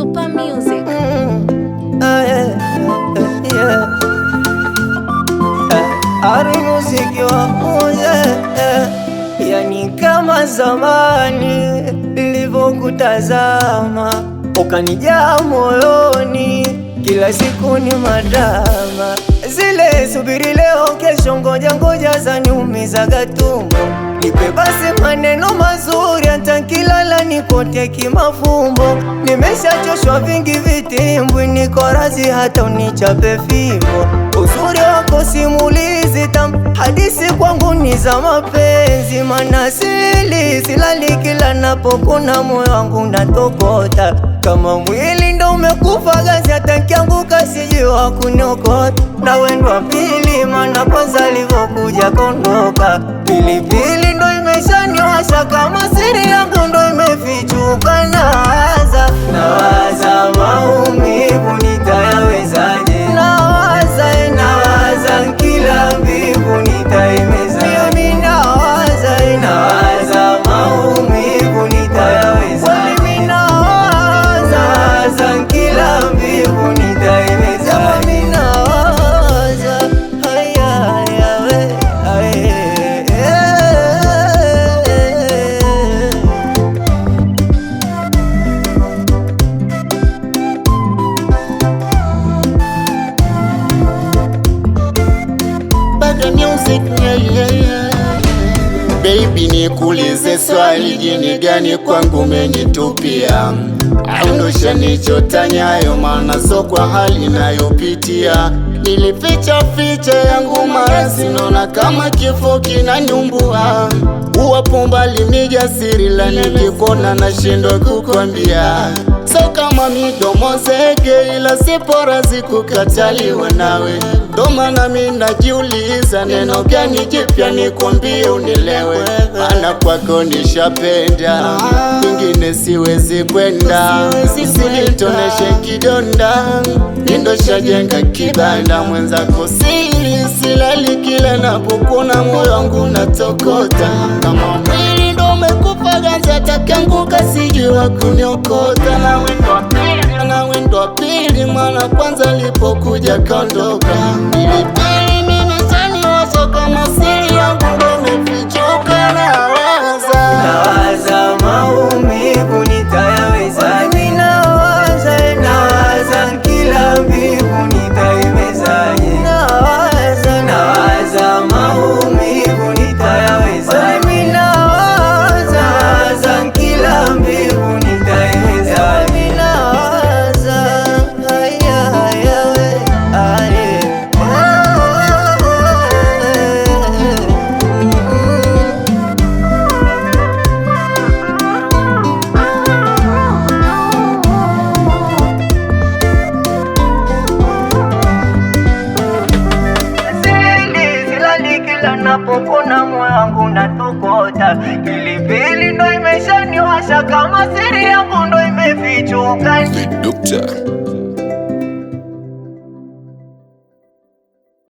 Super Music. Ah, yeah, yeah, Music Eh, ari yani kama zamani ilivyokutazama ukanijaa moyoni, kila siku ni madama zile, subiri leo kesho, ngoja ngoja zaniumizaga tumbo, nipe basi maneno wote kimafumbo, nimeshachoshwa vingi vitimbwi, niko razi hata unichape fimbo. Uzuri wako simulizi tam, hadisi kwangu ni za mapenzi, mana sili silali kila napokuna, moyo wangu natokota kama mwili ndo umekufa gazi, hata kianguka sijui wa kuniokota na wa pili, mana kwanza livokuja kondoka pilipili ndo imeshaniwasha kama siri yangu ndo nimefichuka nawaza, nawaza maumivu nitayawezaje, nawaza eh, nawaza kila mbivu nita Baby, nikuulize swali, jini gani kwangu menitupia? Ondosha nichotanyayo, maana so kwa hali inayopitia Nilificha ficha yangu marazi, nona kama kifo kinanyumbua. Uwapo mbali ni jasiri, la nikikona nashindwa kukwambia. So kama midomo zege, ila sipo razi zikukataliwa nawe Ndo maana mi najiuliza neno gani jipya nikuambie unielewe, maana kwako nishapenda, ingine siwezi kwenda. Usinitoneshe kidonda, nindoshajenga kibanda mwenzako sili silali, kila napokuna moyo wangu natokota kama kwanza atakaanguka sije wa kuniokota na wendo wa pili, na wendo wa pili mwana kwanza alipokuja kaondoka kila napokuna mwangu natokota. Pilipili ndo imeshaniwasha kama siri yangu ndo imefichuka.